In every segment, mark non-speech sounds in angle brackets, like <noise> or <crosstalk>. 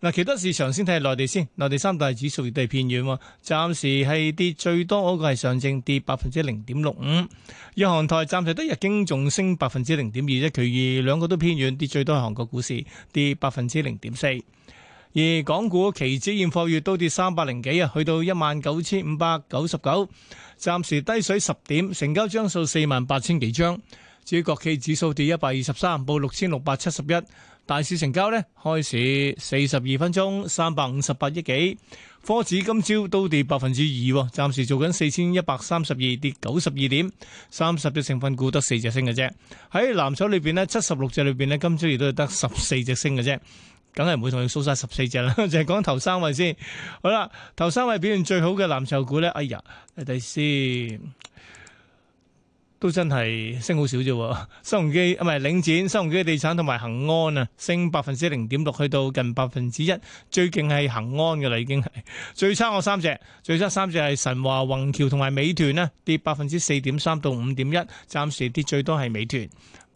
嗱，其他市場先睇下內地先，內地三大指數亦都係偏軟喎，暫時係跌最多嗰個係上證跌百分之零點六五，日韓台暫時得日經仲升百分之零點二啫，其餘兩個都偏軟，跌最多係韓國股市跌百分之零點四，而港股期指現貨月都跌三百零幾啊，去到一萬九千五百九十九，暫時低水十點，成交張數四萬八千幾張，至於國企指數跌一百二十三，報六千六百七十一。大市成交咧，開始四十二分鐘，三百五十八億幾。科指今朝都跌百分之二，暫時做緊四千一百三十二，跌九十二點。三十隻成分股得四隻升嘅啫。喺藍籌裏邊呢，七十六隻裏邊呢，今朝亦都係得十四隻升嘅啫。梗係唔會同佢數晒十四隻啦，淨係講頭三位先。好啦，頭三位表現最好嘅藍籌股咧，哎呀，你睇先。都真係升好少啫，新鴻基唔係領展，新鴻基地產同埋恒安啊，升百分之零點六，去到近百分之一，最勁係恒安噶啦，已經係最差我三隻，最差三隻係神華、宏橋同埋美團咧，跌百分之四點三到五點一，暫時跌最多係美團。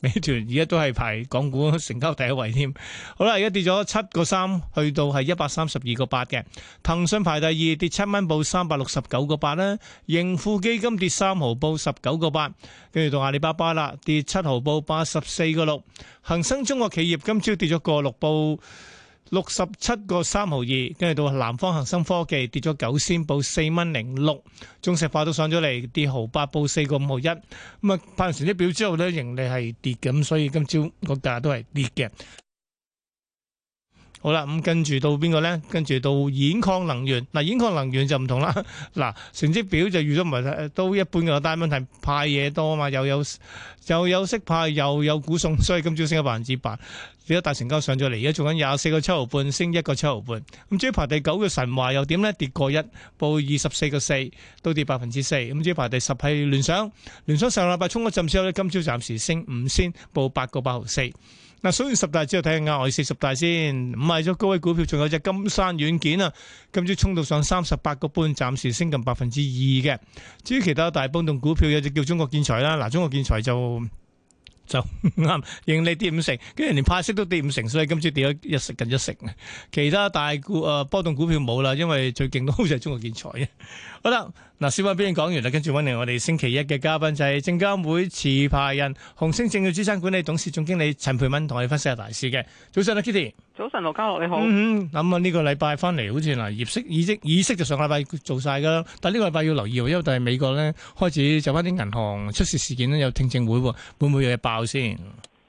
美團而家都係排港股成交第一位添，好啦，而家跌咗七個三，去到係一百三十二個八嘅。騰訊排第二，跌七蚊，報三百六十九個八啦。盈富基金跌三毫，報十九個八。跟住到阿里巴巴啦，跌七毫，報八十四個六。恒生中國企業今朝跌咗個六報。六十七個三毫二，跟住到南方恒生科技跌咗九仙，報四蚊零六。中石化都上咗嚟，跌毫八，報四個五毫一。咁啊，派完成績表之後咧，盈利係跌，咁所以今朝個價都係跌嘅。好啦，咁跟住到邊個咧？跟住到兗礦能源，嗱、啊、兗礦能源就唔同啦，嗱、啊、成績表就預咗唔係都一般嘅，但係問題派嘢多啊嘛，又有又有息派，又有股送，所以今朝升咗百分之八，有一、這個、大成交上咗嚟，而家做緊廿四個七毫半，升一個七毫半。咁至於排第九嘅神華又點咧？跌過一，報二十四個四，都跌百分之四。咁、嗯、至於排第十係聯想，聯想上個禮拜衝咗陣之後咧，今朝暫時升五仙，報八個八毫四。嗱，數完十大之後，睇下額外四十大先，唔係咗高位股票，仲有隻金山軟件啊，今朝衝到上三十八個半，暫時升近百分之二嘅。至於其他大波動股票，有隻叫中國建材啦，嗱，中國建材就就啱 <laughs> 盈利跌五成，跟住連派息都跌五成，所以今朝跌咗一成近一成。其他大股啊波動股票冇啦，因為最勁都好似係中國建材嘅，好啦。嗱，小巴先講完啦，跟住揾嚟我哋星期一嘅嘉賓就係、是、證監會持牌人，紅星證券資產管理董事總經理陳佩敏同我哋分析下大事嘅。早晨，Kitty，早晨，羅嘉樂你好。嗯哼，咁、嗯、啊，呢、這個禮拜翻嚟好似嗱，業績、意識、意識就上個禮拜做晒噶啦，但係呢個禮拜要留意喎，因為就係美國咧開始就翻啲銀行出事事件咧，有聽證會喎，會唔會有嘢爆先？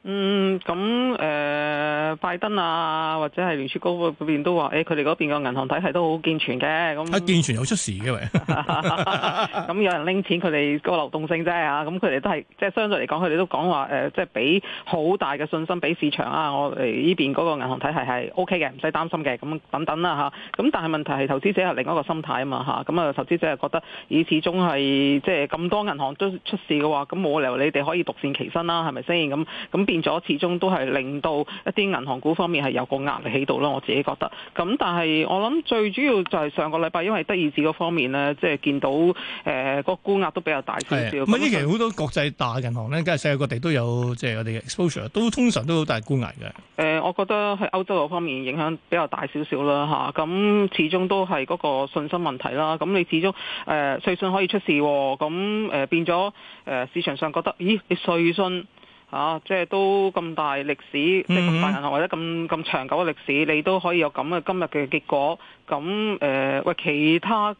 嗯，咁誒、呃，拜登啊，或者係聯儲局嗰邊都話，誒、欸，佢哋嗰邊個銀行體系都好健全嘅，咁，健全又出事嘅喎，咁有人拎錢，佢哋個流動性啫。啊，咁佢哋都係，即係相對嚟講，佢哋都講話即係俾好大嘅信心俾市場啊，我哋呢邊嗰個銀行體系係 OK 嘅，唔使擔心嘅，咁等等啦吓，咁但係問題係投資者係另一個心態嘛，啊嘛，咁啊投資者係覺得，以始終係即係咁多銀行都出事嘅話，咁冇理由你哋可以獨善其身啦、啊，係咪先？咁咁。變咗，始終都係令到一啲銀行股方面係有個壓力喺度咯。我自己覺得。咁但係我諗最主要就係上個禮拜，因為德意志個方面呢，即係見到誒、呃那個沽壓都比較大少少。咁依期好多國際大銀行呢，梗係世界各地都有，即、就、係、是、我哋嘅 exposure，都通常都好大沽壓嘅。誒、呃，我覺得喺歐洲個方面影響比較大少少啦嚇。咁、啊、始終都係嗰個信心問題啦。咁你始終誒瑞信可以出事，咁誒、呃、變咗誒、呃、市場上覺得，咦，你瑞信？啊，即係都咁大歷史，即係咁大銀行或者咁咁長久嘅歷史，你都可以有咁嘅今日嘅結果。咁誒，喂、呃，其他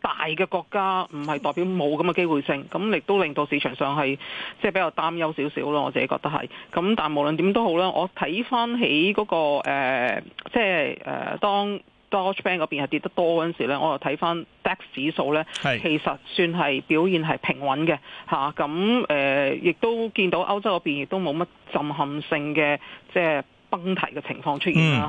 大嘅國家唔係代表冇咁嘅機會性，咁亦都令到市場上係即係比較擔憂少少咯。我自己覺得係。咁但係無論點都好啦，我睇翻起嗰、嗰個、呃、即係誒、呃、當。Deutsche Bank 嗰邊係跌得多嗰陣時咧，我又睇翻 DAX 指數咧，其實算係表現係平穩嘅吓。咁誒亦都見到歐洲嗰邊亦都冇乜震撼性嘅即係崩堤嘅情況出現啦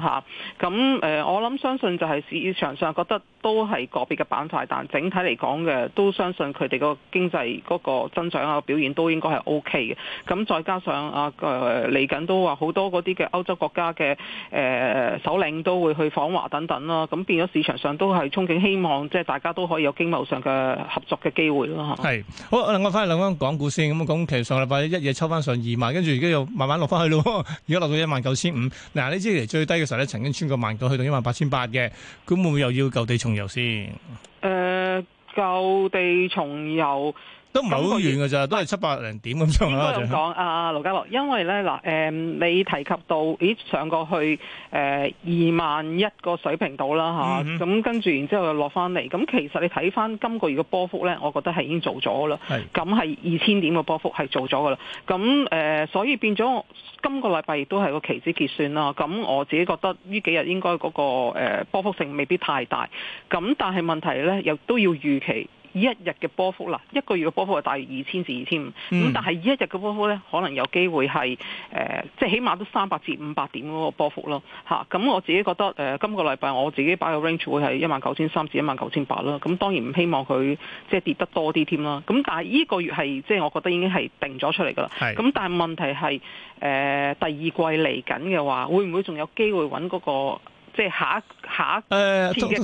吓，咁誒、嗯啊呃、我諗相信就係市場上覺得。都係個別嘅板塊，但整體嚟講嘅都相信佢哋個經濟嗰個增長啊表現都應該係 OK 嘅。咁再加上啊，個嚟緊都話好多嗰啲嘅歐洲國家嘅誒、呃、首領都會去訪華等等啦。咁變咗市場上都係憧憬希望，即係大家都可以有經貿上嘅合作嘅機會咯。係，好，我翻去兩分鐘講股先。咁啊，其實上禮拜一夜抽翻上二萬，跟住而家又慢慢落翻去咯。而家落到一萬九千五。嗱，呢支嚟最低嘅時候咧，曾經穿過萬九，去到一萬八千八嘅。咁會唔會又要舊地重遊先，誒、uh，舊地重遊。都唔係好遠㗎咋，都係七百零點咁樣啦。講啊，盧家樂，因為咧嗱、嗯、你提及到咦上過去誒、呃、二萬一個水平度啦，咁跟住然之後又落翻嚟，咁其實你睇翻今個月嘅波幅咧，我覺得係已經做咗啦。咁係是二千點嘅波幅係做咗㗎啦。咁、嗯、誒、呃，所以變咗今個禮拜亦都係個期指結算啦。咁我自己覺得呢幾日應該嗰、那個、呃、波幅性未必太大。咁但係問題咧，又都要預期。一日嘅波幅啦，一個月嘅波幅係大約二千至二千五，咁但係一日嘅波幅咧，可能有機會係誒、呃，即係起碼都三百至五百點嗰個波幅咯，嚇、啊！咁我自己覺得誒、呃，今個禮拜我自己擺個 range 會係一萬九千三至一萬九千八啦，咁當然唔希望佢即係跌得多啲添啦，咁但係呢個月係即係我覺得已經係定咗出嚟噶啦，咁是但係問題係誒、呃、第二季嚟緊嘅話，會唔會仲有機會揾嗰、那個即係下一？下一誒、呃，通常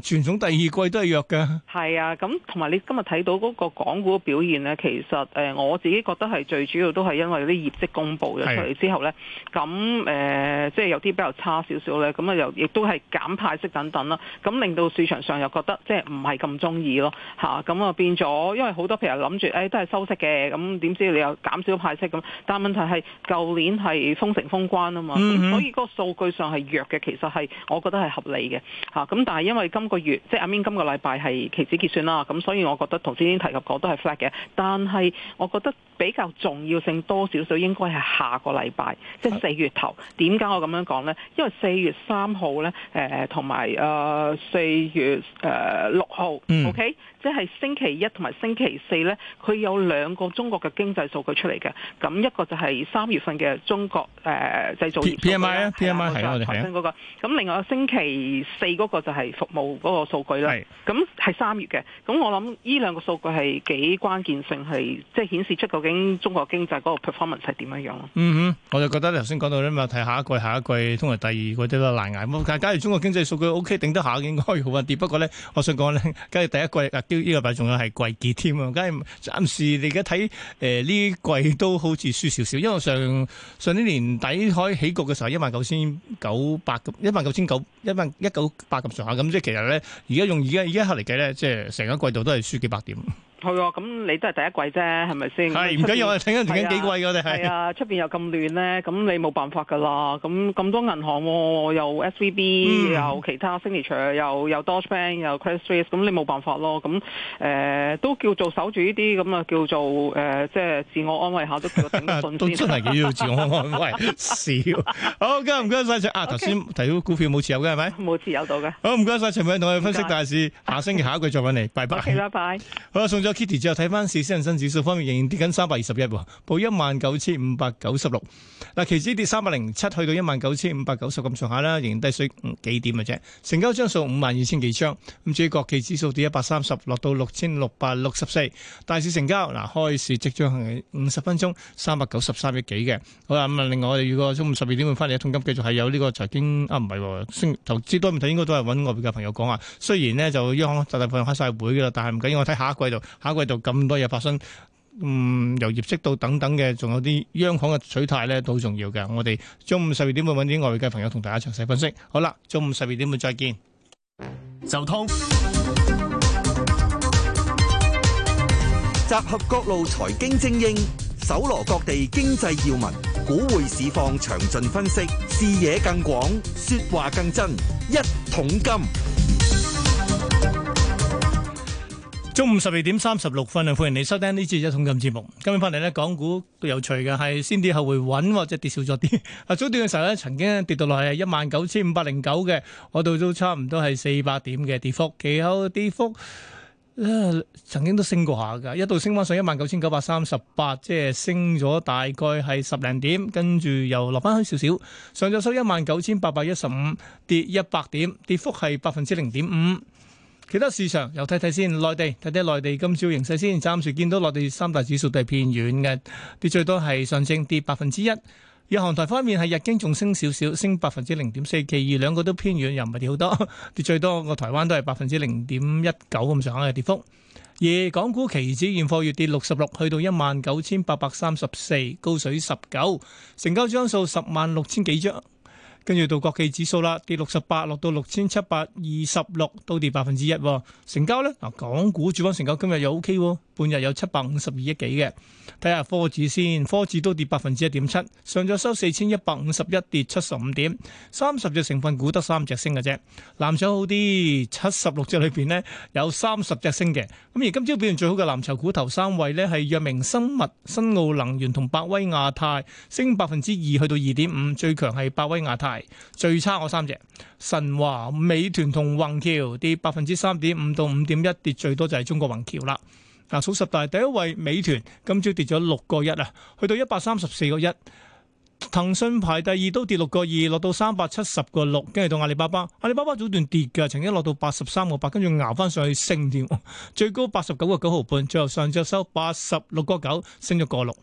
傳統第二季都係弱嘅。係啊，咁同埋你今日睇到嗰個港股嘅表現咧，其實誒、呃、我自己覺得係最主要都係因為啲業績公布咗、啊、出嚟之後咧，咁誒、呃、即係有啲比較差少少咧，咁啊又亦都係減派息等等啦，咁令到市場上又覺得即係唔係咁中意咯嚇，咁啊就變咗，因為好多譬如諗住誒都係收息嘅，咁、嗯、點知你又減少派息咁，但係問題係舊年係封城封關啊嘛、嗯哼所，所以個數據上係弱嘅，其實係我覺得係合嚟嘅嚇，咁但係因為今個月即係 I 阿 Min mean 今個禮拜係期指結算啦，咁所以我覺得頭先已經提及過都係 flat 嘅。但係我覺得比較重要性多少少應該係下個禮拜，即係四月頭。點解我咁樣講呢？因為四月三號呢，誒同埋誒四月誒六號、嗯，OK，即係星期一同埋星期四呢，佢有兩個中國嘅經濟數據出嚟嘅。咁一個就係三月份嘅中國誒、呃、製造業 PMI 啊，PMI 係咁另外星期。第四嗰個就係服務嗰個數據啦，咁係三月嘅，咁我諗呢兩個數據係幾關鍵性，係即係顯示出究竟中國經濟嗰個 performance 係點樣樣咯。嗯哼，我就覺得頭先講到呢，咪睇下一季、下一季，通埋第二季啲咯難捱。假如中國經濟數據 O K，頂得下，應該好穩定。不過咧，我想講咧，假如第一季阿雕呢個牌仲有係季結添啊，梗係暫時你而家睇誒呢季都好似輸少少，因為上上啲年底開起局嘅時候一萬九千九百，一萬九千九。一九八咁上下，咁即係其實咧，而家用而家而家刻嚟計咧，即係成個季度都係輸幾百點。係喎，咁你都係第一季啫，係咪先？係唔緊要，睇緊前景幾季嘅，我哋係。係啊，出邊又咁亂咧，咁你冇辦法噶啦。咁咁多銀行喎，又 SVB，又其他 Signature，又又 Dodge Bank，又 Credit Suisse，咁你冇辦法咯。咁誒都叫做守住呢啲咁啊，叫做誒即係自我安慰下都叫做頂住先。都真係叫做自我安慰，少好，唔該唔該曬先啊！頭先提到股票冇持有嘅係咪？冇持有到嘅。好唔該曬，陳偉同我哋分析大市，下星期下一個季再揾你，拜拜。拜拜。好，宋總。Kitty，再睇翻市，恒生指數方面，仍然跌緊三百二十一喎，報一萬九千五百九十六。嗱，期指跌三百零七，去到一萬九千五百九十咁上下啦，仍然低水幾點嘅啫。成交張數五萬二千幾張。咁至於國企指數跌一百三十，落到六千六百六十四。大市成交嗱，開市即將係五十分鐘三百九十三億幾嘅。好啦，咁啊，另外我哋如果中午十二點會翻嚟，一桶金繼續係有呢個財經啊，唔係先投資多唔睇，應該都係揾外邊嘅朋友講啊。雖然呢就央行就大部分開曬會嘅啦，但係唔緊要，我睇下一季度。下季度就咁多嘢發生，嗯，由業績到等等嘅，仲有啲央行嘅取態咧，都好重要嘅。我哋中午十二點會揾啲外匯嘅朋友同大家詳細分析。好啦，中午十二點會再見。就通集合各路財經精英，搜羅各地經濟要聞，股匯市況詳盡分析，視野更廣，說話更真，一桶金。中午十二點三十六分啊，歡迎你收聽呢次一桶金節目。今日翻嚟咧，港股都有趣嘅係先跌後回穩，或者跌少咗啲。啊，早段嘅時候咧，曾經跌到落係一萬九千五百零九嘅，我度都差唔多係四百點嘅跌幅，其後跌幅曾經都升過下噶，一度升翻上一萬九千九百三十八，即係升咗大概係十零點，跟住又落翻去少少，上晝，收一萬九千八百一十五，跌一百點，跌幅係百分之零點五。其他市場又睇睇先，內地睇睇內地今朝形勢先。暫時見到內地三大指數都係偏軟嘅，跌最多係上證跌百分之一。而韓台方面係日經仲升少少，升百分之零點四。其餘兩個都偏軟，又唔係跌好多，跌 <laughs> 最多個台灣都係百分之零點一九咁上下嘅跌幅。而港股期指現貨月跌六十六，去到一萬九千八百三十四，高水十九，成交張數十萬六千幾張。跟住到國企指數啦，跌六十八，落到六千七百二十六，都跌百分之一。成交咧，嗱，港股主板成交今日又 O K，半日有七百五十二億幾嘅。睇下科指先，科指都跌百分之一點七，上咗收四千一百五十一，跌七十五點，三十隻成分股得三隻升嘅啫。藍籌好啲，七十六隻裏邊咧有三十隻升嘅。咁而今朝表現最好嘅藍籌股頭三位咧係藥明生物、新奧能源同百威亞太，升百分之二去到二點五，最強係百威亞太。最差我三隻，神華、美團同宏橋跌百分之三點五到五點一，跌最多就係中國宏橋啦。嗱，數十大第一位美團今朝跌咗六個一啊，去到一百三十四個一。騰訊排第二都跌六個二，落到三百七十個六。跟住到阿里巴巴，阿里巴巴早段跌嘅，曾經落到八十三個八，跟住熬翻上去升添，最高八十九個九毫半，最後上晝收八十六個九，升咗個六。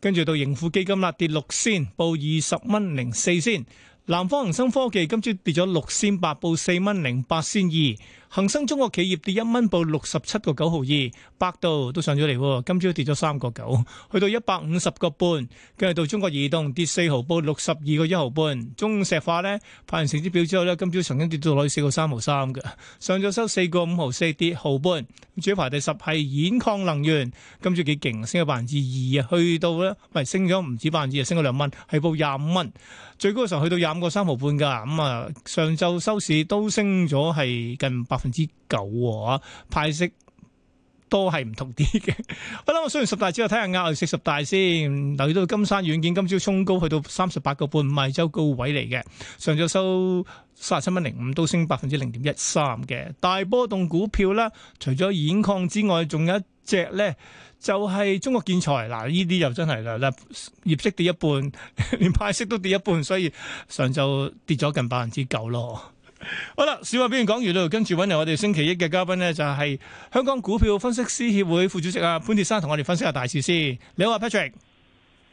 跟住到盈富基金啦，跌六先，報二十蚊零四先。南方恒生科技今朝跌咗六仙八，報四蚊零八仙二。恒生中國企業跌一蚊報，六十七個九毫二，百度都上咗嚟，今朝跌咗三個九，去到一百五十個半。跟住到中國移動跌四毫報，報六十二個一毫半。中石化呢，派完成績表之後呢，今朝曾經跌到落去四個三毫三嘅，上晝收四個五毫四，跌毫半。主要排第十係兗礦能源，今朝幾勁，升咗百分之二啊，去到呢咪升咗唔止百分之二，升咗兩蚊，係報廿五蚊，最高嘅時候去到廿五個三毫半噶。咁啊，上晝收市都升咗係近百。百分之九啊，派息都係唔同啲嘅。好啦，我雖然十大之後睇下壓息十大先。留意到金山軟件今朝衝高去到三十八個半，唔係週高位嚟嘅。上晝收三十七蚊零五，05，都升百分之零點一三嘅。大波動股票啦，除咗兗礦之外，仲有一隻咧，就係、是、中國建材。嗱，呢啲又真係嗱嗱，業績跌一半，連派息都跌一半，所以上晝跌咗近百分之九咯。好啦，小話邊完講完啦，跟住揾嚟我哋星期一嘅嘉賓呢，就係香港股票分析師協會副主席啊潘鐵山，同我哋分析下大事先。你好啊 Patrick，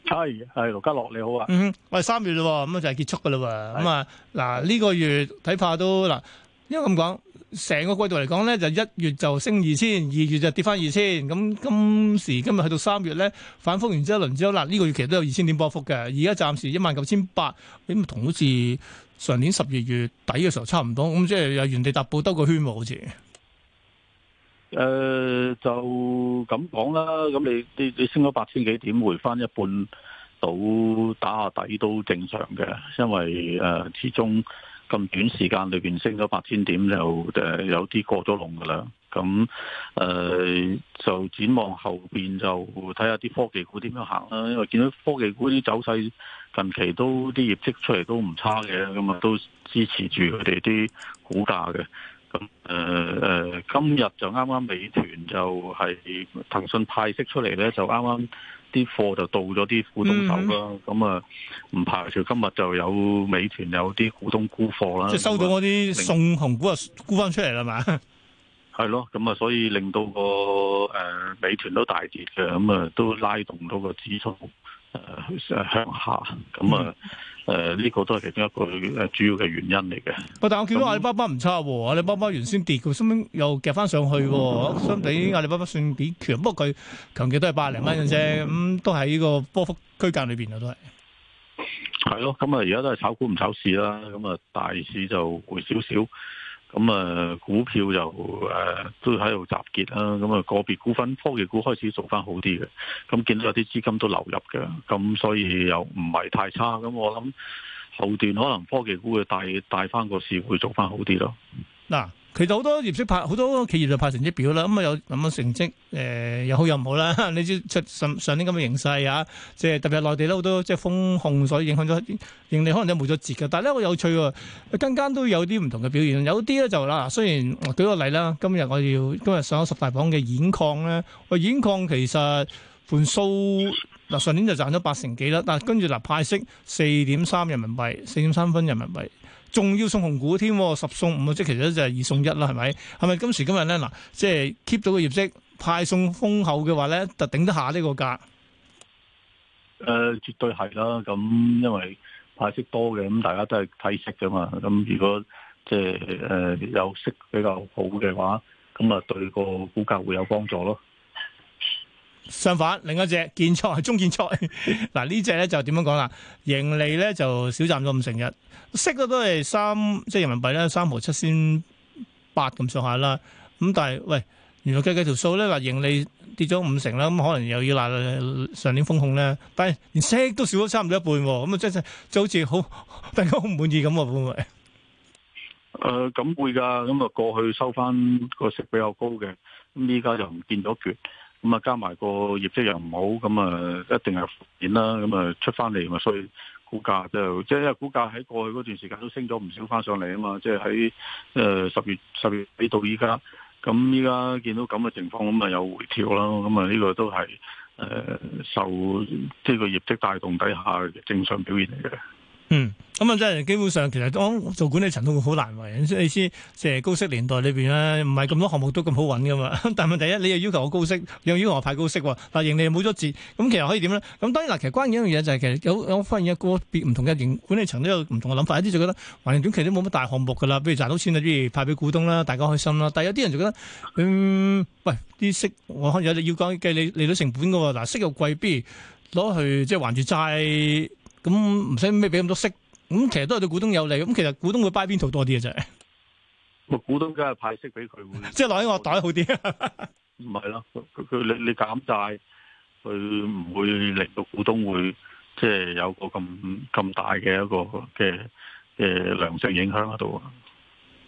係係，盧家樂你好啊。嗯，我哋，三月啦，咁啊就係結束噶啦，咁啊嗱呢個月睇怕都嗱，因為咁講，成個季度嚟講咧，就一月就升二千，二月就跌翻二千，咁今時今日去到三月咧，反覆完之後輪之後，嗱、這、呢個月其實都有二千點波幅嘅，而家暫時一萬九千八，咁同好似。上年十二月底嘅時候差唔多，咁即係有原地踏步兜個圈喎，好似。誒、呃，就咁講啦。咁你你你升咗八千幾點，回翻一半到打下底都正常嘅。因為誒、呃，始終咁短時間裏邊升咗八千點，就誒、呃、有啲過咗龍噶啦。咁誒、呃，就展望後邊就睇下啲科技股點樣行啦。因為見到科技股啲走勢。近期都啲業績出嚟都唔差嘅，咁啊都支持住佢哋啲股價嘅。咁、呃、誒今日就啱啱美團就係、是、騰訊派息出嚟咧，就啱啱啲貨就到咗啲股東手啦。咁、嗯、啊，唔排除今日就有美團有啲股東沽貨啦。即係收到嗰啲送紅股啊，沽翻出嚟啦嘛？係咯，咁啊，所以令到個、呃、美團都大跌嘅，咁、嗯、啊都拉動到個指數。誒，向下咁啊，誒呢、呃這個都係其中一個誒主要嘅原因嚟嘅、嗯。但我見到阿里巴巴唔差喎、啊，阿里巴巴原先跌佢收尾又夾翻上去、啊，相比、嗯、阿里巴巴算幾、嗯、強是八，不過佢強極都係百零蚊嘅啫，咁都喺呢個波幅區間裏邊嘅、啊、都係。係咯、啊，咁啊而家都係炒股唔炒市啦、啊，咁啊大市就攰少少。咁啊，股票就誒、啊、都喺度集結啦。咁啊，個別股份、科技股開始做翻好啲嘅。咁、啊、見到有啲資金都流入嘅，咁、啊、所以又唔係太差。咁、啊、我諗後段可能科技股會帶帶翻個市會做翻好啲咯。嗱。啊其實好多業績派，好多企業就派成績表啦。咁、嗯、啊有咁嘅、嗯、成績，誒、呃、又好又唔好啦。你知即係上上年咁嘅形勢啊，即、就、係、是、特別係內地啦，好多即係、就是、風控，所以影響咗盈利，可能有冇咗折嘅。但係咧好有趣喎，間間都有啲唔同嘅表現。有啲咧就啦，雖然舉個例啦，今日我要今日上咗十大榜嘅兗礦咧，兗礦其實盤數嗱上年就賺咗八成幾啦。嗱跟住嗱派息四點三人民幣，四點三分人民幣。仲要送紅股添，十送五即其實就係二送一啦，係咪？係咪今時今日咧嗱，即係 keep 到個業績派送豐厚嘅話咧，就頂得下呢個價？誒、呃，絕對係啦。咁因為派息多嘅，咁大家都係睇息㗎嘛。咁如果即係誒有息比較好嘅話，咁啊對個股價會有幫助咯。相反，另一隻建倉係中建倉。嗱 <laughs> 呢隻咧就點樣講啦？盈利咧就少賺咗五成日，息咧都係三即係人民幣咧三毫七千八咁上下啦。咁但係喂，原來計計條數咧，嗱盈利跌咗五成啦，咁可能又要賴上年風控咧，但係連息都少咗差唔多一半，咁啊真真就好似好大家好唔滿意咁喎、呃、會唔會？誒，咁會㗎。咁啊過去收翻個息比較高嘅，咁依家就唔見咗橛。咁啊，加埋個業績又唔好，咁啊一定係負面啦。咁啊出翻嚟嘛，所以股價就即係因為股價喺過去嗰段時間都升咗唔少翻上嚟啊嘛。即係喺誒十月十月起到依家，咁依家見到咁嘅情況，咁啊有回調啦。咁啊呢個都係誒、呃、受呢個業績帶動底下嘅正常表現嚟嘅。嗯，咁啊即係基本上，其實當做管理層都會好難為，你知即係高息年代裏邊咧，唔係咁多項目都咁好揾噶嘛。但係問題第一，你又要求我高息，又要求我派高息，嗱盈利又冇咗折，咁其實可以點呢？咁當然啦，其實關鍵一樣嘢就係、是、其實有我發現一個別唔同嘅營管理層都有唔同嘅諗法，一啲就覺得還完短期都冇乜大項目噶啦，不如賺到錢啊，不如派俾股東啦，大家開心啦。但係有啲人就覺得，嗯，喂，啲息我開有計你利率成本噶，嗱息又貴，不如攞去即係還住債。咁唔使咩俾咁多息，咁其實都係對股東有利，咁其實股東會 buy 邊套多啲啊？啫，股東梗係派息俾佢，會 <laughs> 即係攞喺我袋好啲 <laughs> ，唔係咯，佢佢你你減債，佢唔會令到股東會即係有個咁咁大嘅一個嘅嘅良性影響喺度。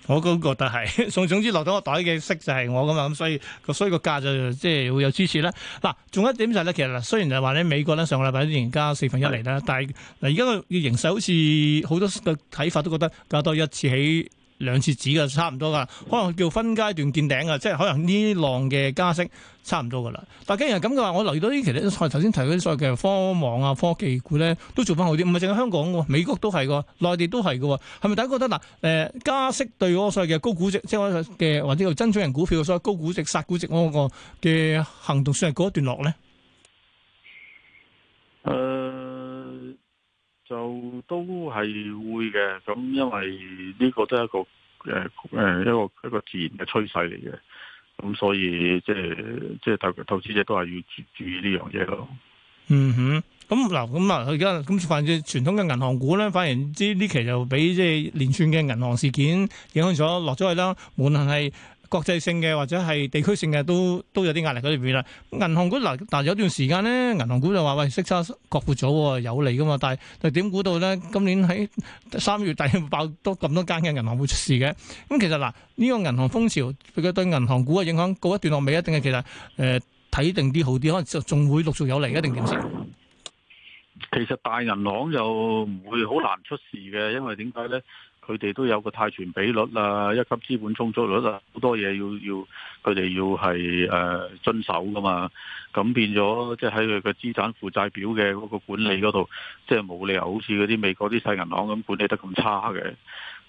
我都覺得係，總總之落咗個袋嘅息就係我噶嘛，咁所以個所以個價就即係會有支持啦。嗱，仲有一點就係咧，其實嗱，雖然係話咧美國咧上個禮拜突然加四分一嚟啦，但係嗱而家嘅形勢好似好多嘅睇法都覺得加多一次起。兩次止噶，差唔多噶，可能叫分階段見頂啊，即係可能呢浪嘅加息差唔多噶啦。但既然係咁嘅話，我留意到啲其他頭先提嗰啲所謂嘅科網啊、科技股咧，都做翻好啲，唔係淨係香港嘅、啊，美國都係嘅，內地都係嘅，係咪大家覺得嗱？誒、啊呃、加息對嗰所謂嘅高估值，即係嘅或者叫增長型股票所謂高估值殺估值嗰個嘅行動算係告一段落咧？誒。呃就都係會嘅，咁因為呢個都係一個誒誒、呃、一個一個自然嘅趨勢嚟嘅，咁所以即係即係投投資者都係要注注意呢樣嘢咯。嗯哼，咁、嗯、嗱，咁啊，而家咁反正傳統嘅銀行股咧，反而知呢期就俾即係連串嘅銀行事件影響咗落咗去啦，無論係。國際性嘅或者係地區性嘅都都有啲壓力喺裏邊啦。銀行股嗱，但係有段時間咧，銀行股就話喂，息差擴闊咗，有利噶嘛。但係點估到咧，今年喺三月底爆多咁多間嘅銀行會出事嘅？咁其實嗱，呢個銀行風潮佢對銀行股嘅影響告一段落尾啊，定係其實誒睇定啲好啲，可能就仲會陸續有嚟嘅，定點先？其實大銀行就唔會好難出事嘅，因為點解咧？佢哋都有個貸存比率啦，一級資本充足率啦，好多嘢要要佢哋要係誒、呃、遵守噶嘛，咁變咗即係喺佢嘅資產負債表嘅嗰個管理嗰度，即係冇理由好似嗰啲美國啲細銀行咁管理得咁差嘅。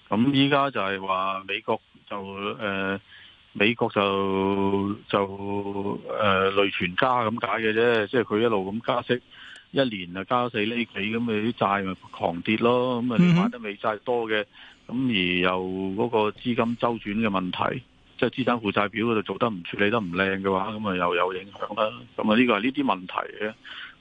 咁依家就係話美國就誒、呃、美國就就誒累存家咁解嘅啫，即係佢一路咁加息。一年啊加四厘幾咁嘅啲債咪狂跌咯，咁啊你買得美債多嘅，咁而又嗰個資金周轉嘅問題，即係資產負債表佢度做得唔處理得唔靚嘅話，咁啊又有影響啦。咁啊呢個係呢啲問題嘅，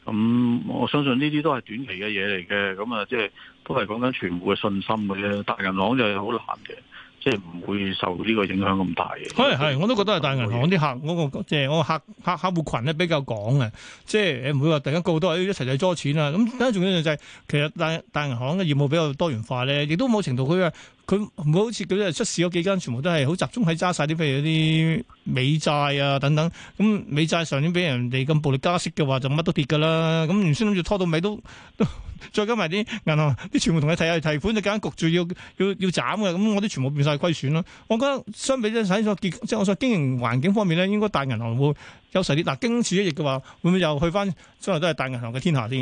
咁我相信呢啲都係短期嘅嘢嚟嘅，咁啊即係都係講緊全部嘅信心嘅啫，大銀行就係好難嘅。即係唔會受呢個影響咁大嘅，係，係，我都覺得係大銀行啲客，我個即係我客客客戶群咧比較廣嘅，即係誒唔會話突然間告到一齊就攞錢啦。咁但係重要就係、是、其實大大銀行嘅業務比較多元化咧，亦都冇程度佢啊，佢唔會好似佢啲出事嗰幾間全部都係好集中喺揸晒啲譬如啲美債啊等等。咁美債上年俾人哋咁暴力加息嘅話，就乜都跌㗎啦。咁原先諗住拖到尾都都。都再加埋啲銀行啲全部同佢提提款，就梗係焗住要要要斬嘅，咁我啲全部變晒虧損咯。我覺得相比啲睇即係我所、就是、經營環境方面咧，應該大銀行會優勢啲。嗱、啊，經此一役嘅話，會唔會又去翻？將來都係大銀行嘅天下先。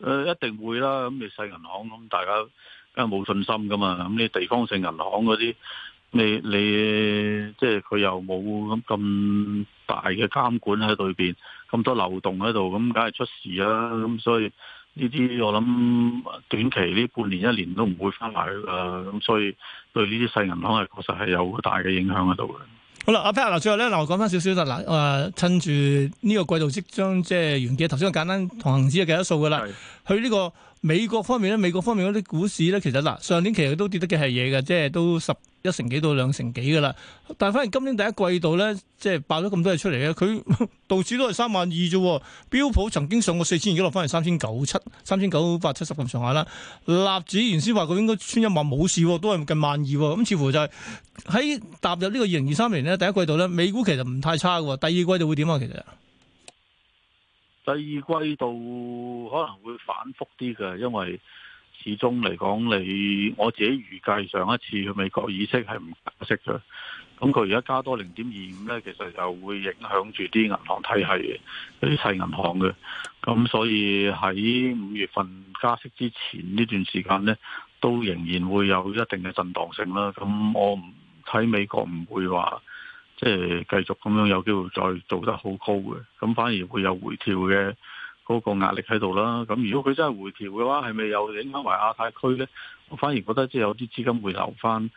誒，一定會啦。咁你細銀行咁，大家梗係冇信心噶嘛。咁你地方性銀行嗰啲。你你即係佢又冇咁咁大嘅監管喺裏邊，咁多流動喺度，咁梗係出事啦、啊。咁所以呢啲我諗短期呢半年一年都唔會翻埋去。咁所以對呢啲細銀行係確實係有好大嘅影響喺度嘅。好啦，阿 Pat，最後咧，嗱我講翻少少啦。嗱，啊趁住呢個季度即將即係完結，頭先簡單同恒指嘅計一數噶啦，是去呢、這個。美國方面咧，美國方面嗰啲股市咧，其實嗱、啊，上年其實都跌得嘅係嘢嘅，即係都十一成幾到兩成幾噶啦。但係反而今年第一季度咧，即係爆咗咁多嘢出嚟咧，佢道 <laughs> 指都係三萬二啫，標普曾經上過四千，而家落翻嚟三千九七、三千九百七十咁上下啦。納指原先話佢應該穿一萬冇事，都係近萬二、嗯，咁似乎就係、是、喺踏入呢個二零二三年咧，第一季度咧，美股其實唔太差嘅。第二季度會點啊？其實？第二季度可能會反覆啲嘅，因為始終嚟講，你我自己預計上一次去美國議息係唔加息嘅，咁佢而家加多零點二五呢，其實又會影響住啲銀行體系嘅，啲細銀行嘅，咁所以喺五月份加息之前呢段時間呢，都仍然會有一定嘅震盪性啦。咁我唔睇美國唔會話。即係繼續咁樣有機會再做得好高嘅，咁反而會有回調嘅嗰個壓力喺度啦。咁如果佢真係回調嘅話，係咪又影響埋亞太區咧？我反而覺得即係有啲資金會留翻，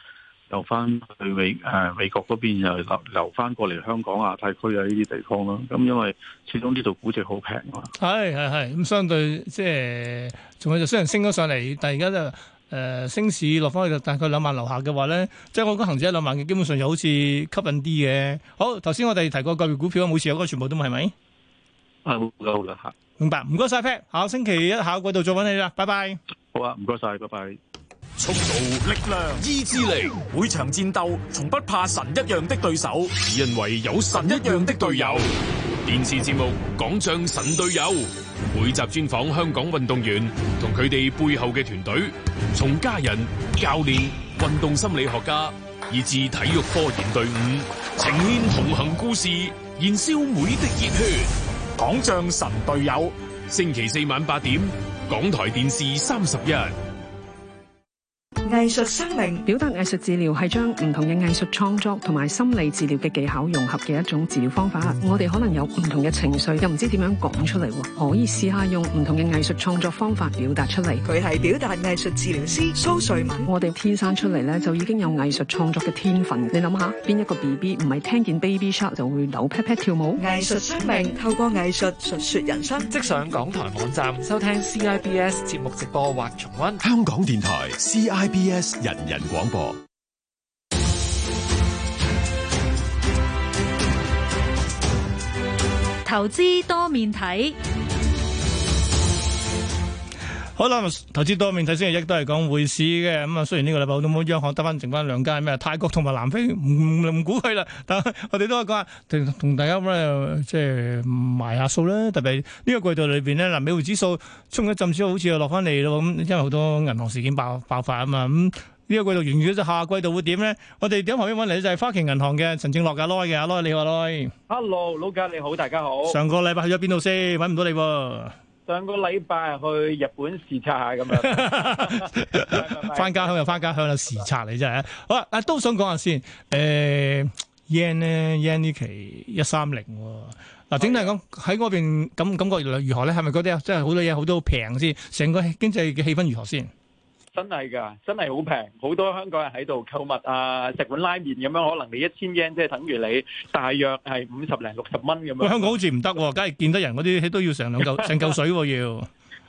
留翻去美誒、呃、美國嗰邊，又留留翻過嚟香港亞太區啊呢啲地方咯。咁因為始終呢度估值好平啊。係係係，咁相對即係仲係就雖然升咗上嚟，但係而家就。誒，升、呃、市落翻去大概兩萬樓下嘅話咧，即係我覺得恒指一兩萬嘅，基本上又好似吸引啲嘅。好，頭先我哋提過個別股票啊，每次有啊，全部都係咪？啊，好啦、嗯、好、嗯嗯嗯、明白，唔該晒 Pat，下個星期一下個季度再揾你啦，拜拜。好啊，唔該晒，拜拜。速度、力量、意志力，每場戰鬥從不怕神一樣嘅對手，因為有神一樣嘅隊友。電視節目《港將神隊友》，每集專訪香港運動員同佢哋背後嘅團隊，從家人、教練、運動心理學家，以至體育科研隊伍，呈現同行故事，燃燒每滴熱血。《港將神隊友》，星期四晚八點，港台電視三十一。藝術生命表達藝術治療係將唔同嘅藝術創作同埋心理治療嘅技巧融合嘅一種治療方法。嗯、我哋可能有唔同嘅情緒，又唔知點樣講出嚟，可以試下用唔同嘅藝術創作方法表達出嚟。佢係表達藝術治療師蘇瑞文。我哋天生出嚟咧就已經有藝術創作嘅天分。你諗下，邊一個 B B 唔係聽見 Baby Shark 就會扭 pat pat 跳舞？藝術生命透過藝術述說人生。即上港台網站收聽 CIBS 節目直播或重溫香港電台 CIB。CI 人人廣播，投資多面睇。好啦，投資多面睇，星期一都係講匯市嘅。咁啊，雖然呢個禮拜好多央行得翻剩翻兩間咩啊，泰國同埋南非唔唔估佢啦。但係我哋都係講下同大家咧，即係埋下數啦。特別呢個季度裏邊呢，嗱，美匯指數衝一陣，好似又落翻嚟咯。咁因為好多銀行事件爆爆發啊嘛。咁、嗯、呢、這個季度完咗，就下季度會點呢？我哋點旁邊揾嚟就係、是、花旗銀行嘅陳正樂嘅 Lo 嘅，Lo 你好，Lo。Hello，老賈你好，大家好。上個禮拜去咗邊度先？揾唔到你。上個禮拜去日本視察下咁樣，翻 <laughs> <laughs> 家鄉又翻家鄉啦，視察你真係。好啦、啊，都想講下先。誒、呃、yen 呢 yen 呢期一三零。嗱、啊，整體嚟講喺嗰邊咁感覺如何咧？係咪嗰啲啊？真係好多嘢好多平先，成個經濟嘅氣氛如何先？真係㗎，真係好平，好多香港人喺度購物啊！食碗拉麵咁樣，可能你一千 yen 即係等於你大約係五十零六十蚊咁樣。香港好似唔得喎，梗係見得人嗰啲都要成兩嚿、成嚿水要。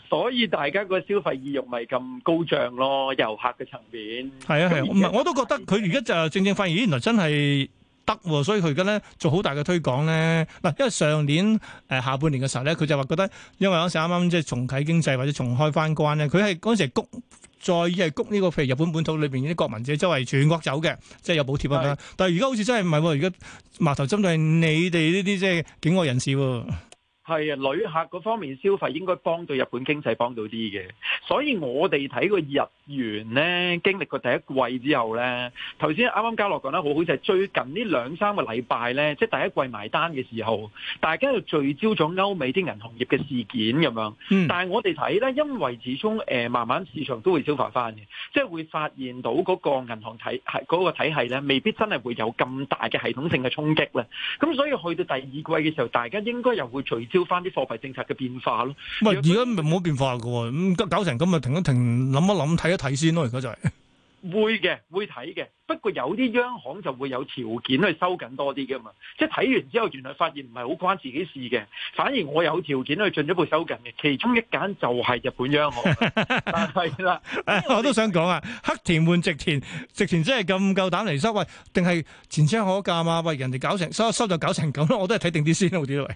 所以大家個消費意欲咪咁高漲咯，遊客嘅層面。係啊係啊，唔係我都覺得佢而家就正正發現，咦原來真係得喎，所以佢而家咧做好大嘅推廣咧。嗱，因為上年誒下半年嘅時候咧，佢就話覺得因為嗰陣時啱啱即係重啓經濟或者重開翻關咧，佢係嗰陣時係谷。再以係谷呢個譬如日本本土裏邊啲國民者周圍全國走嘅，即係有補貼啊！對但係而家好似真係唔係喎，而家矛頭針對係你哋呢啲即係境外人士喎。係啊，旅客嗰方面消費應該幫到日本經濟幫到啲嘅，所以我哋睇個日元咧經歷過第一季之後咧，頭先啱啱家樂講得好好就係最近呢兩三個禮拜咧，即係第一季埋單嘅時候，大家就聚焦咗歐美啲銀行業嘅事件咁樣。嗯、但係我哋睇咧，因為始終、呃、慢慢市場都會消化翻嘅，即係會發現到嗰個銀行體系嗰、嗰個體系咧，未必真係會有咁大嘅系統性嘅衝擊呢。咁所以去到第二季嘅時候，大家應該又會聚焦。睇翻啲貨幣政策嘅變化咯。唔係而家咪冇變化嘅喎，咁搞成咁咪停一停，諗一諗，睇一睇先咯。而家就係會嘅，會睇嘅。不過有啲央行就會有條件去收緊多啲嘅嘛。即係睇完之後，原來發現唔係好關自己事嘅，反而我有條件去進一步收緊嘅。其中一間就係日本央行。係啦，我都想講啊，黑田換直田，直田真係咁夠膽嚟收？喂，定係前車可鑑啊？喂，人哋搞成收收就搞成咁咯。我都係睇定啲先，好啲咯。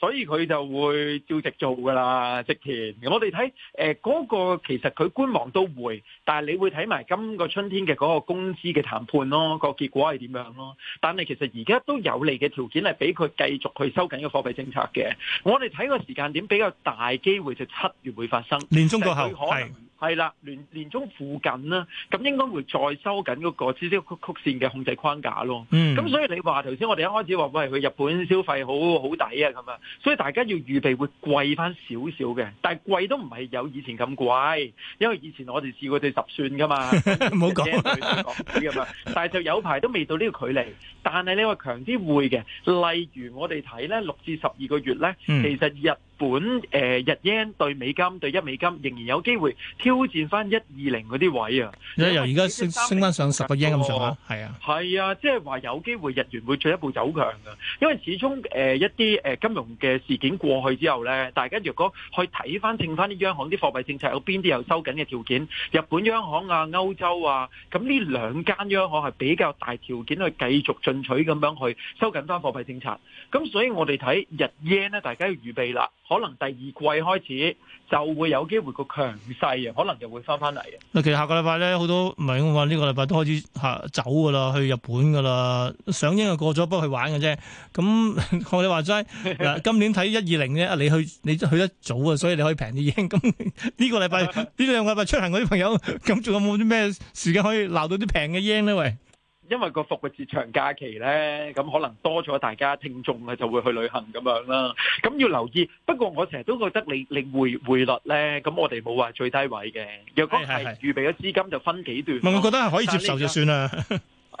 所以佢就會照直做㗎啦，直前，我哋睇誒嗰個其實佢觀望都會，但係你會睇埋今個春天嘅嗰個工資嘅談判咯，個結果係點樣咯？但係其實而家都有利嘅條件係俾佢繼續去收緊呢個貨幣政策嘅。我哋睇個時間點比較大機會就七月會發生，年中過後係。係啦，年年中附近啦，咁應該會再收緊嗰個知曲曲線嘅控制框架咯。嗯，咁所以你話頭先，我哋一開始話喂，去日本消費好好抵啊咁啊，所以大家要預備會貴翻少少嘅，但係貴都唔係有以前咁貴，因為以前我哋試過對十算噶嘛，冇講。 <laughs> 但係就有排都未到呢個距離，但係你話強啲會嘅，例如我哋睇咧六至十二個月咧，嗯、其實日。本誒日元對美金對一美金仍然有機會挑戰翻一二零嗰啲位啊。即係由而家升升翻上十個 yen 咁上下，係啊，係啊，即係話有機會日元會進一步走強㗎。因為始終誒一啲誒金融嘅事件過去之後咧，大家若果去睇翻、聽翻啲央行啲貨幣政策有邊啲有收緊嘅條件，日本央行啊、歐洲啊，咁呢兩間央行係比較大條件去繼續進取咁樣去收緊翻貨幣政策。咁所以我哋睇日元咧，大家要預備啦。可能第二季開始就會有機會個強勢啊，可能就會翻翻嚟啊。嗱，其實下個禮拜咧，好多唔係，我話呢個禮拜都開始吓走噶啦，去日本噶啦，賞櫻啊過咗，幫佢玩嘅啫。咁我哋話齋，嗱今年睇一二零啫，你去你去得早啊，所以你可以平啲櫻。咁呢個禮拜呢兩個禮拜出行嗰啲朋友，咁仲有冇啲咩時間可以鬧到啲平嘅櫻咧？喂！因為個復活節長假期呢，咁可能多咗大家聽眾啊，就會去旅行咁樣啦。咁要留意。不過我成日都覺得，你你匯匯率呢，咁我哋冇話最低位嘅。若果係預備咗資金，就分幾段。唔係，我覺得係可以接受就算啦。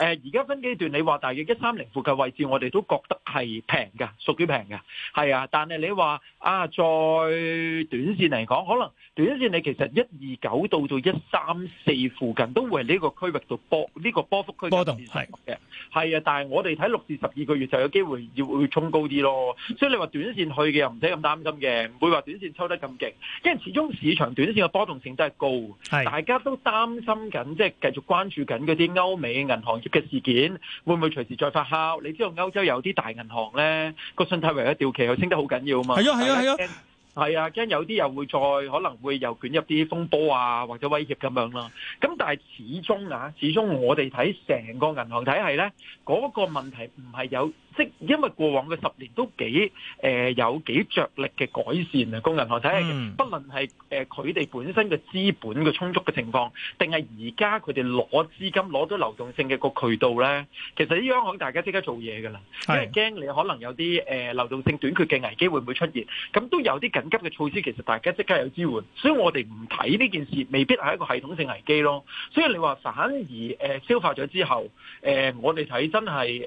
誒而家分幾段？你話大約一三零附近位置，我哋都覺得係平嘅，屬於平嘅，係啊。但係你話啊，再短線嚟講，可能短線你其實一二九到到一三四附近都會喺呢個區域度波呢個波幅區間嚟嘅，係啊。但係我哋睇六至十二個月就有機會要會衝高啲咯。所以你話短線去嘅又唔使咁擔心嘅，唔會話短線抽得咁勁，因為始終市場短線嘅波動性都係高，是大家都擔心緊，即係繼續關注緊嗰啲歐美銀行業嘅事件會唔會隨時再發酵？你知道歐洲有啲大銀行咧，個信貸為咗調期又升得好緊要嘛？係咯係咯係咯，係啊！驚有啲又會再可能會又捲入啲風波啊，或者威脅咁樣咯。咁但係始終啊，始終我哋睇成個銀行體系咧，嗰個問題唔係有。即因為過往嘅十年都幾誒、呃、有幾着力嘅改善啊，供銀行睇，不論係誒佢哋本身嘅資本嘅充足嘅情況，定係而家佢哋攞資金攞到流動性嘅個渠道咧，其實呢央行，行大家即刻做嘢㗎啦，因為驚你可能有啲、呃、流動性短缺嘅危機會唔會出現，咁都有啲緊急嘅措施，其實大家即刻有支援，所以我哋唔睇呢件事，未必係一個系統性危機咯。所以你話反而、呃、消化咗之後，誒、呃、我哋睇真係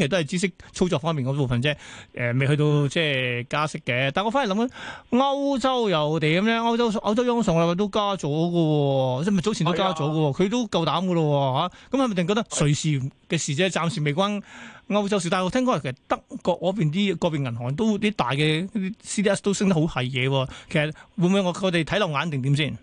其實都係知識操作方面嗰部分啫，誒、呃，未去到即係加息嘅。但我反嚟諗緊歐洲又點咧？歐洲歐洲央行啊都加咗嘅，即係咪早前都加咗嘅？佢是、啊、都夠膽嘅咯，吓咁係咪？定覺得瑞士嘅事啫，暫時未關歐洲事。但我聽講，其實德國嗰邊啲個別銀行都啲大嘅 CDS 都升得好係嘢。其實會唔會我我哋睇漏眼定點先？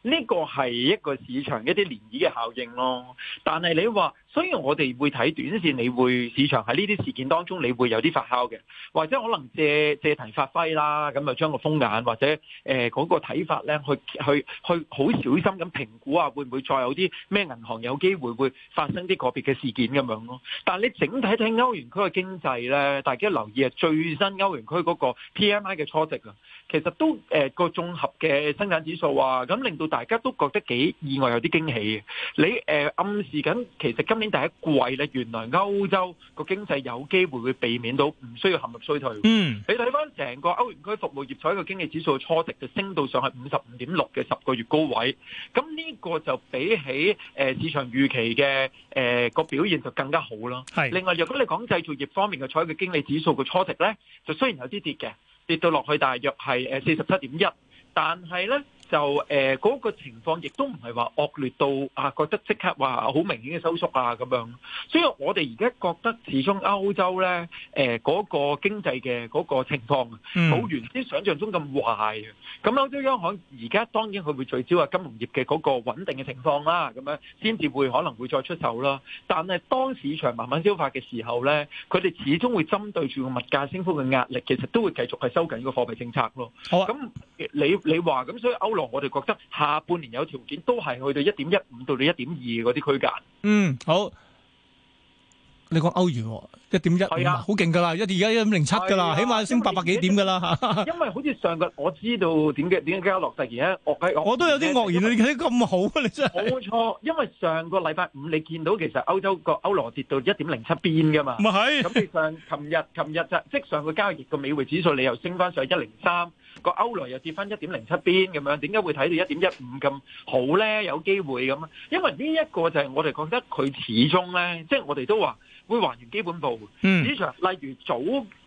呢個係一個市場一啲漣漪嘅效應咯，但係你話。所以我哋會睇短線，你會市場喺呢啲事件當中，你會有啲發酵嘅，或者可能借借題發揮啦，咁啊將個風眼或者誒嗰、呃那個睇法咧，去去去好小心咁評估啊，會唔會再有啲咩銀行有機會會發生啲個別嘅事件咁樣咯？但你整體睇歐元區嘅經濟咧，大家留意啊，最新歐元區嗰個 P M I 嘅初值啊，其實都誒個綜合嘅生產指數啊，咁令到大家都覺得幾意外，有啲驚喜嘅。你誒、呃、暗示緊其實今今年第一季咧，原來歐洲個經濟有機會會避免到唔需要陷入衰退。嗯，你睇翻成個歐元區服務業彩嘅經理指數嘅初值就升到上去五十五點六嘅十個月高位，咁呢個就比起誒、呃、市場預期嘅誒、呃、個表現就更加好咯。係是。另外，若果你講製造業方面嘅彩嘅經理指數嘅初值咧，就雖然有啲跌嘅，跌到落去大約係誒四十七點一，但係咧。就誒嗰個情況亦都唔係話惡劣到啊，覺得即刻話好明顯嘅收縮啊咁樣。所以我哋而家覺得始終歐洲咧誒嗰個經濟嘅嗰個情況冇原先想象中咁壞啊。咁歐洲央行而家當然佢會聚焦啊金融業嘅嗰個穩定嘅情況啦，咁樣先至會可能會再出手啦。但係當市場慢慢消化嘅時候咧，佢哋始終會針對住個物價升幅嘅壓力，其實都會繼續係收緊呢個貨幣政策咯。好啊，咁你你話咁，所以歐。我哋覺得下半年有條件都係去到一點一五到到一點二嗰啲區間。嗯，好。你講歐元哦。一點一五，好勁噶啦！一而家一點零七噶啦，起碼升八百幾點噶啦吓。因為好似上個我知道點解點解落突然咧，我我都有啲愕然啊！你睇咁好啊，你真係。冇錯，因為上個禮拜五你見到其實歐洲個歐羅跌到一點零七邊噶嘛。咪係。咁你上琴日琴日即係上個交易日個美匯指數，你又升翻上一零三，個歐羅又跌翻一點零七邊咁樣，點解會睇到一點一五咁好咧？有機會咁啊？因為呢一個就係我哋覺得佢始終咧，即係我哋都話。會還原基本步，市場例如早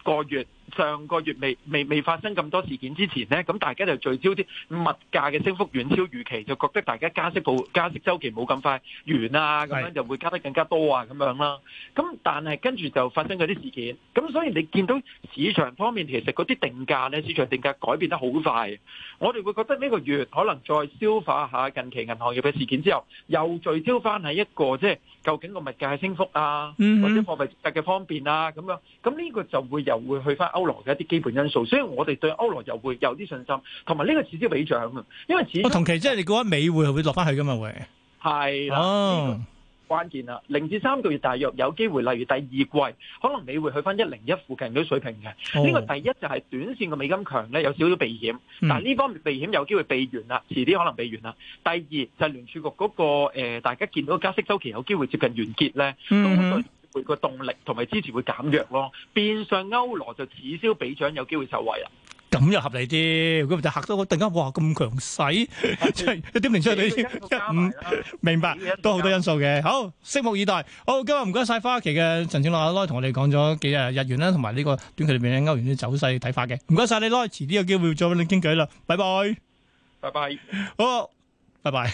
個月。上個月未未未發生咁多事件之前咧，咁大家就聚焦啲物價嘅升幅遠超預期，就覺得大家加息步加息週期冇咁快完啊，咁樣就會加得更加多啊，咁樣啦。咁但係跟住就發生嗰啲事件，咁所以你見到市場方面其實嗰啲定價咧，市場定價改變得好快。我哋會覺得呢個月可能再消化下近期銀行業嘅事件之後，又聚焦翻喺一個即係究竟個物價係升幅啊，或者貨幣政策嘅方便啊咁樣。咁呢個就會又會去翻。歐羅嘅一啲基本因素，所以我哋對歐羅又會有啲信心，同埋呢個市資尾漲啊，因為市、哦、同期即係你覺得美會係會落翻去噶嘛會係啦，關鍵啦，零至三個月大約有機會，例如第二季可能你會去翻一零一附近嗰啲水平嘅。呢、哦、個第一就係短線嘅美金強咧有少少避險，但係呢方面避險有機會避完啦，遲啲、嗯、可能避完啦。第二就聯儲局嗰、那個誒、呃，大家見到個加息周期有機會接近完結咧。嗯嗯嗯個動力同埋支持會減弱咯，變相歐羅就此消彼長有機會受惠啦。咁又合理啲，如果唔係就吓到我，突然間哇咁強勢，點唔出嚟都唔明白，都好多因素嘅。好，拭目以待。好，今日唔該晒花旗嘅陳正樂阿 Lo 同我哋講咗幾日日元啦，同埋呢個短期裏面歐元啲走勢睇法嘅。唔該晒你咯，遲啲有機會再同你傾偈啦。拜拜，拜拜，好，拜拜。